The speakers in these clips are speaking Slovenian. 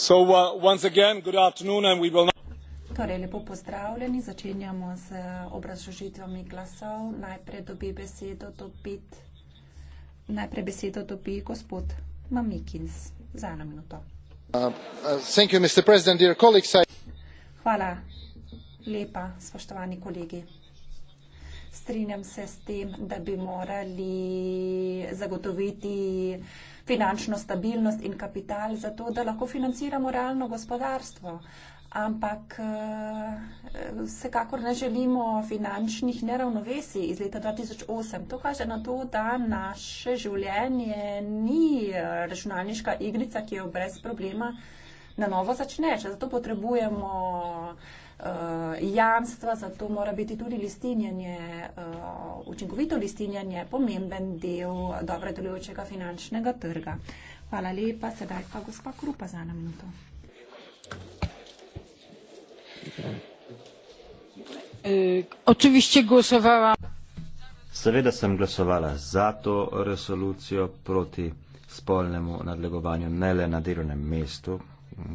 Uh, torej, lepo pozdravljeni, začenjamo z obrazložitvami glasov. Najprej dobi besedo dobit, najprej besedo dobi gospod Mamikins za eno minuto. Uh, uh, Hvala lepa, spoštovani kolegi. Strinjam se s tem, da bi morali zagotoviti finančno stabilnost in kapital, zato da lahko financiramo realno gospodarstvo. Ampak eh, vsekakor ne želimo finančnih neravnovesij iz leta 2008. To kaže na to, da naše življenje ni eh, računalniška igrica, ki jo brez problema na novo začneš. Zato potrebujemo uh, jamstva, zato mora biti tudi listinjenje uh, učinkovito listinjanje pomemben del dobro delujočega finančnega trga. Hvala lepa, sedaj pa gospa Krupa za eno minuto. E, Seveda sem glasovala za to resolucijo proti spolnemu nadlegovanju, ne le na delovnem mestu,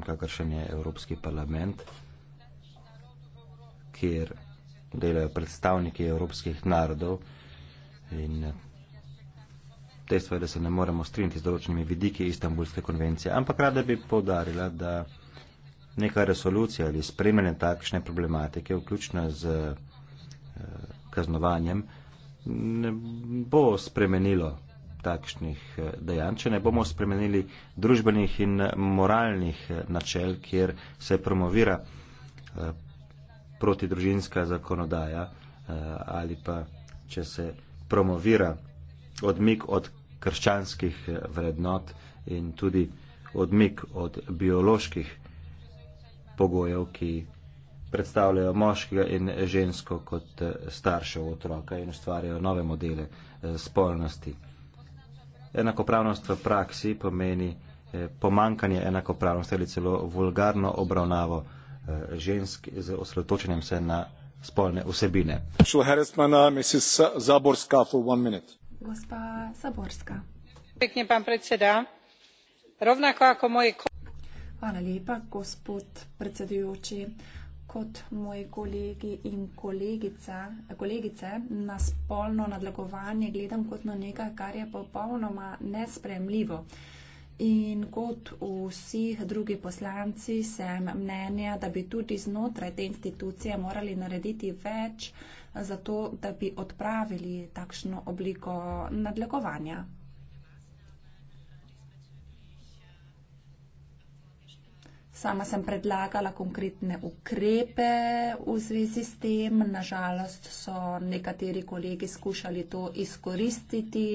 kakršen je Evropski parlament, kjer delajo predstavniki evropskih narodov in dejstvo je, da se ne moremo strinjati z določenimi vidiki Istanbulske konvencije. Ampak rada bi povdarila, da neka resolucija ali spremljanje takšne problematike, vključno z eh, kaznovanjem, ne bo spremenilo takšnih eh, dejanj, če ne bomo spremenili družbenih in moralnih eh, načel, kjer se promovira protidružinska zakonodaja eh, ali pa če se promovira odmik od krščanskih eh, vrednot in tudi odmik od bioloških pogojev, ki predstavljajo moškega in žensko kot eh, staršev otroka in ustvarjajo nove modele spolnosti. Enakopravnost v praksi pomeni pomankanje enakopravnosti ali celo vulgarno obravnavo Eh, žensk z osredotočenjem se na spolne osebine. Zaborska, Gospa Zaborska. Pekne, pan predseda. Rovnako ako moji Hvala lepa, gospod predsedujoči. Kot moji kolegi in kolegice, na spolno nadlegovanje gledam kot na nekaj, kar je popolnoma nespremljivo. In kot vsi drugi poslanci sem mnenja, da bi tudi znotraj te institucije morali narediti več za to, da bi odpravili takšno obliko nadlegovanja. Sama sem predlagala konkretne ukrepe v zvezi s tem. Nažalost so nekateri kolegi skušali to izkoristiti.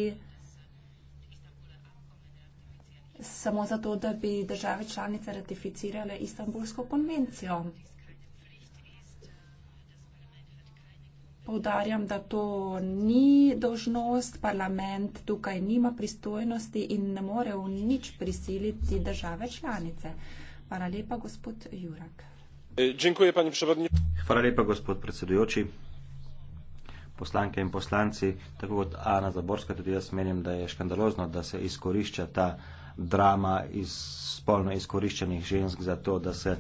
samo zato, da bi države članice ratificirale Istanbulsko konvencijo. Povdarjam, da to ni dožnost, parlament tukaj nima pristojnosti in ne more v nič prisiliti države članice. Hvala lepa, gospod Jurak. Hvala lepa, gospod predsedujoči. Poslanke in poslanci, tako kot Ana Zaborska, tudi jaz menim, da je škandalozno, da se izkorišča ta drama iz spolno izkoriščenih žensk za to, da se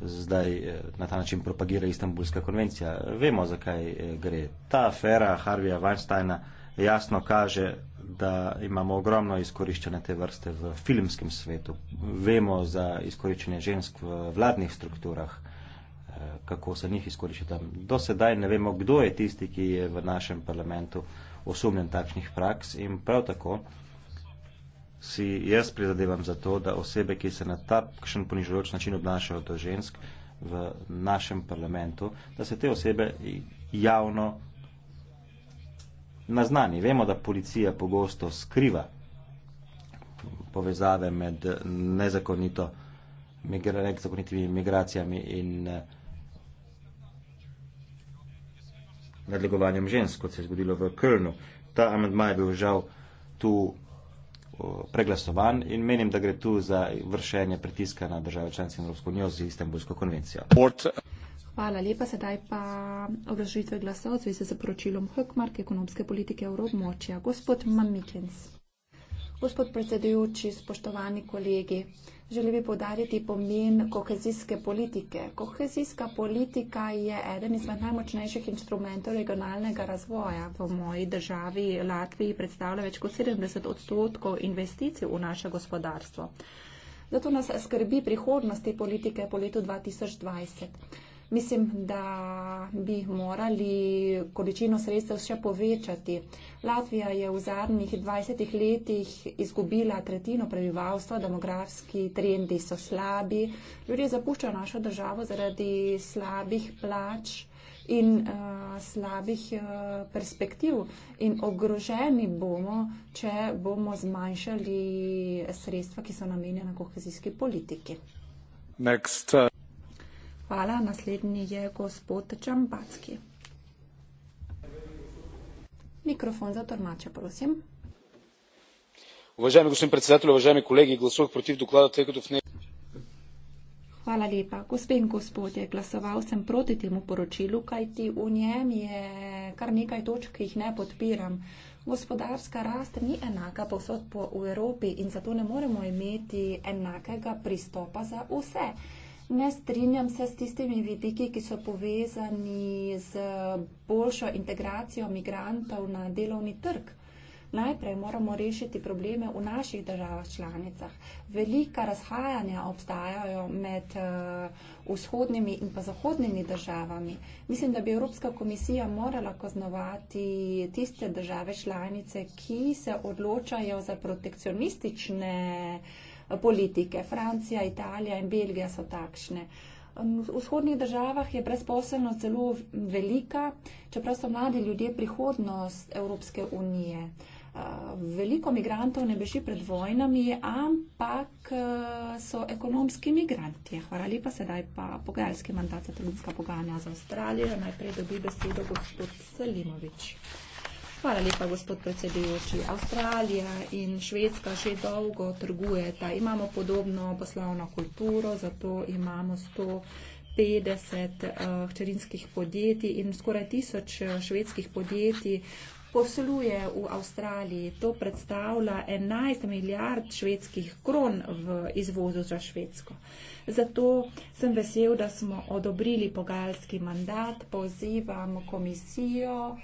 zdaj eh, na ta način propagira Istanbulska konvencija. Vemo, zakaj eh, gre. Ta afera Harvija Weinsteina jasno kaže, da imamo ogromno izkoriščene te vrste v filmskem svetu. Vemo za izkoriščenje žensk v vladnih strukturah, eh, kako se njih izkorišča tam. Do sedaj ne vemo, kdo je tisti, ki je v našem parlamentu osumljen takšnih praks in prav tako si jaz prizadevam za to, da osebe, ki se na takšen ponižujoč način obnašajo do žensk v našem parlamentu, da se te osebe javno naznani. Vemo, da policija pogosto skriva povezave med nezakonito nezakonitimi migracijami in eh, nadlegovanjem žensk, kot se je zgodilo v Krlnu. Ta amendma je bil žal tu preglasovan in menim, da gre tu za vršenje pritiska na države članice Evropske unije z Istanbulsko konvencijo. Hvala lepa, sedaj pa obrazložitve glasov v zvezi z poročilom Hökmark ekonomske politike Evropmočja. Gospod Mamikens. Gospod predsedujoči, spoštovani kolegi, želim podariti pomen kohezijske politike. Kohezijska politika je eden izmed najmočnejših instrumentov regionalnega razvoja. V moji državi Latviji predstavlja več kot 70 odstotkov investicij v naše gospodarstvo. Zato nas skrbi prihodnosti politike po letu 2020. Mislim, da bi morali količino sredstev še povečati. Latvija je v zadnjih 20 letih izgubila tretjino prebivalstva, demografski trendi so slabi, ljudje zapuščajo našo državo zaradi slabih plač in uh, slabih uh, perspektiv in ogroženi bomo, če bomo zmanjšali sredstva, ki so namenjena kohezijski politiki. Next, uh Hvala. Naslednji je gospod Čambacki. Mikrofon za tormače, prosim. Уважаеми господин председател, уважаеми колеги, гласувах против доклада, тъй като в нея. Hvala lepa. Gospen gospodje, glasoval sem proti temu poročilu, kajti v njem je kar nekaj točk, ki jih ne podpiram. Gospodarska rast ni enaka posod po Evropi in zato ne moremo imeti enakega pristopa za vse. Ne strinjam se s tistimi vidiki, ki so povezani z boljšo integracijo migrantov na delovni trg. Najprej moramo rešiti probleme v naših državah članicah. Velika razhajanja obstajajo med eh, vzhodnimi in pa zahodnimi državami. Mislim, da bi Evropska komisija morala kaznovati tiste države članice, ki se odločajo za protekcionistične politike. Francija, Italija in Belgija so takšne. V vzhodnih državah je brezposelnost zelo velika, čeprav so mladi ljudje prihodnost Evropske unije. Veliko migrantov ne beži pred vojnami, ampak so ekonomski migranti. Hvala lepa sedaj pa pogajalski mandat za trudinska pogajanja za Avstralijo. Najprej dobi besedo gospod Salimovič. Hvala lepa, gospod predsedujoči. Avstralija in Švedska že dolgo trgujeta. Imamo podobno poslovno kulturo, zato imamo 150 eh, hčerinskih podjetij in skoraj tisoč eh, švedskih podjetij posluje v Avstraliji. To predstavlja 11 milijard švedskih kron v izvozu za Švedsko. Zato sem vesel, da smo odobrili pogajalski mandat. Pozivam komisijo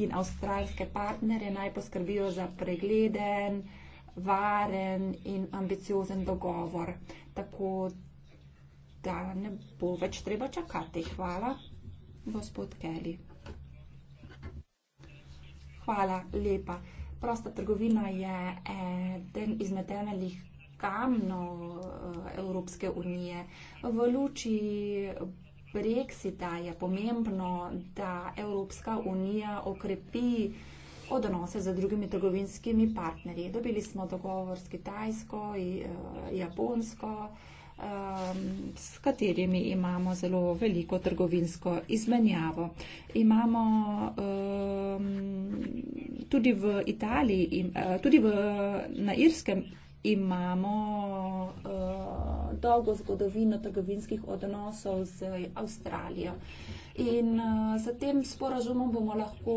in avstralske partnere naj poskrbijo za pregleden, varen in ambiciozen dogovor. Tako da ne bo več treba čakati. Hvala, gospod Kelly. Hvala lepa. Prosta trgovina je eden izmed temeljih kamnov eh, Evropske unije. V luči Brexita je pomembno, da Evropska unija okrepi odnose z drugimi trgovinskimi partnerji. Dobili smo dogovor s Kitajsko in eh, Japonsko, eh, s katerimi imamo zelo veliko trgovinsko izmenjavo. Imamo eh, tudi v Italiji, tudi v, na Irskem imamo dolgo zgodovino trgovinskih odnosov z Avstralijo. In uh, s tem sporazumom bomo lahko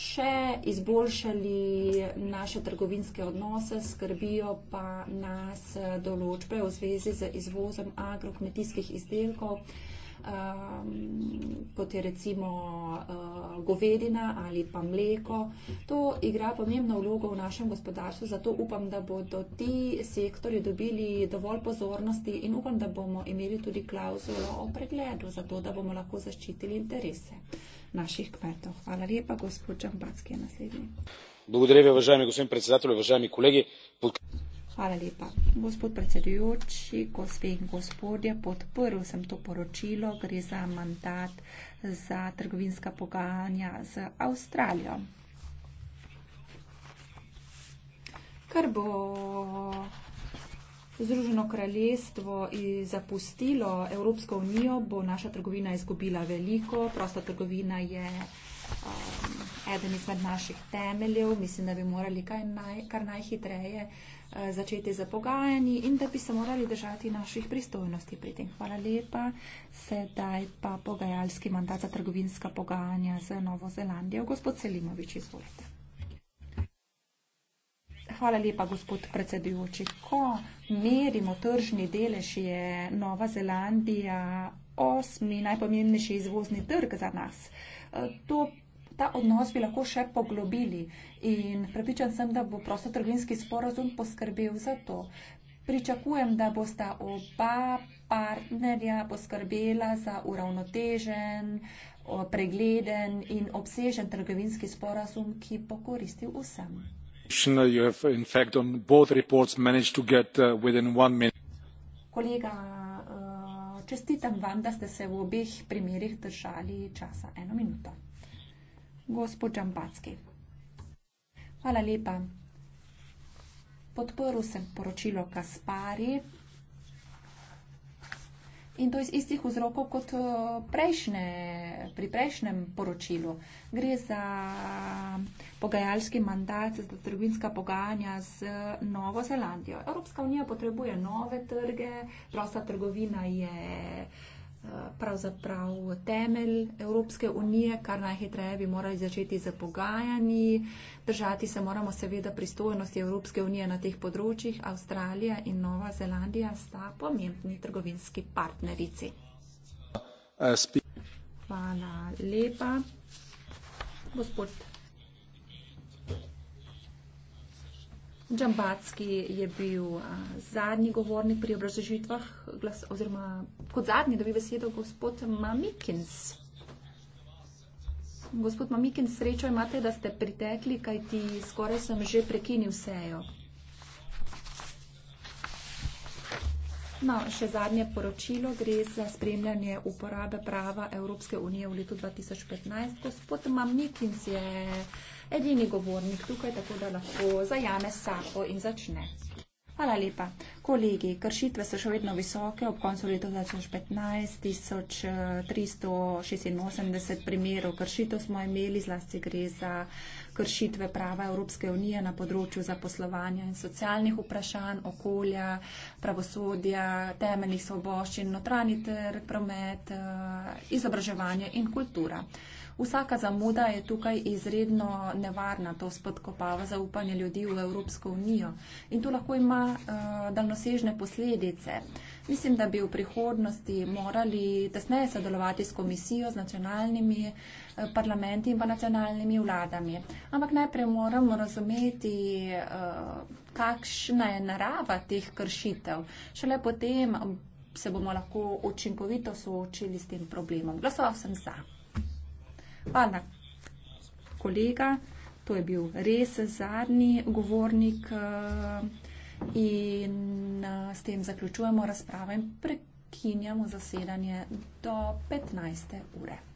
še izboljšali naše trgovinske odnose, skrbijo pa nas eh, določbe v zvezi z izvozom agrokmetijskih izdelkov uh, Ehm, kot je recimo eh, govedina ali pa mleko. To igra pomembno vlogo v našem gospodarstvu, zato upam, da bodo ti sektori dobili dovolj pozornosti in upam, da bomo imeli tudi klauzulo o pregledu, zato da bomo lahko zaščitili interese naših kmetov. Hvala lepa, gospod Čambacki je naslednji. Благодаря ви, уважаеми господин председател, уважаеми колеги. Hvala lepa. Gospod predsedujoči, gospe in gospodje, podprl sem to poročilo, gre za mandat za trgovinska pogajanja z Avstralijo. Ker bo Združeno kraljestvo zapustilo Evropsko unijo, bo naša trgovina izgubila veliko. Prosta trgovina je um, eden izmed naših temeljev. Mislim, da bi morali kar, naj, kar najhitreje uh, Eh, začeti za pogajanji in da bi se morali držati naših pristojnosti pri tem. Hvala lepa. Sedaj pa pogajalski mandat za trgovinska pogajanja z Novo Zelandijo. Gospod Selimovič, izvolite. Hvala lepa, gospod predsedujoči. Ko merimo tržni delež, je Nova Zelandija osmi najpomembnejši izvozni trg za nas. Eh, to ta odnos bi lahko še poglobili in prepričan sem, da bo prostotrgovinski sporozum poskrbel za to. Pričakujem, da bosta oba partnerja poskrbela za uravnotežen, pregleden in obsežen trgovinski sporazum, ki bo koristil vsem. Uh, Kolega, uh, čestitam vam, da ste se v obeh primerih držali časa eno minuto gospod Čampacki. Hvala lepa. Podprl sem poročilo Kaspari in to iz istih vzrokov kot eh, prejšnje, pri prejšnjem poročilu. Gre za pogajalski mandat za trgovinska pogajanja z Novo Zelandijo. Evropska unija potrebuje nove trge, prosta trgovina je. Uh, pravzaprav temelj Evropske unije, kar najhitreje bi morali začeti z pogajanji. Držati se moramo seveda pristojnosti Evropske unije na teh področjih. Avstralija in Nova Zelandija sta pomembni trgovinski partnerici. Eh, Hvala lepa. Gospod Džambatski je bil a, zadnji govornik pri obrazožitvah, glas, oziroma kot zadnji dobi besedo gospod Mamikins. Gospod Mamikins, srečo imate, da ste pritekli, kaj ti skoraj sem že prekinil sejo. No, še zadnje poročilo gre za spremljanje uporabe prava Evropske unije v letu 2015. Gospod Mamikins je edini govornik tukaj, tako da lahko zajame sapo in začne. Hvala lepa. Kolegi, kršitve so še vedno visoke. Ob koncu leta 2015 1386 primerov kršitev smo imeli, zlasti gre za kršitve prava Evropske unije na področju zaposlovanja in socialnih vprašanj, okolja, pravosodja, temeljnih svoboščin, notranji trg, promet, eh, izobraževanje in kultura. Vsaka zamuda je tukaj izredno nevarna, to spodkopava zaupanje ljudi v Evropsko unijo in to lahko ima uh, daljnosežne posledice. Mislim, da bi v prihodnosti morali tesneje sodelovati s komisijo, z nacionalnimi uh, parlamenti in pa nacionalnimi vladami. Ampak najprej moramo razumeti, eh, kakšna je narava teh kršitev. Šele potem se bomo lahko učinkovito soočili s tem problemom. Glasoval sem za. Hvala, kolega. To je bil res zadnji govornik eh, in eh, s tem zaključujemo razpravo in prekinjamo zasedanje do 15. ure.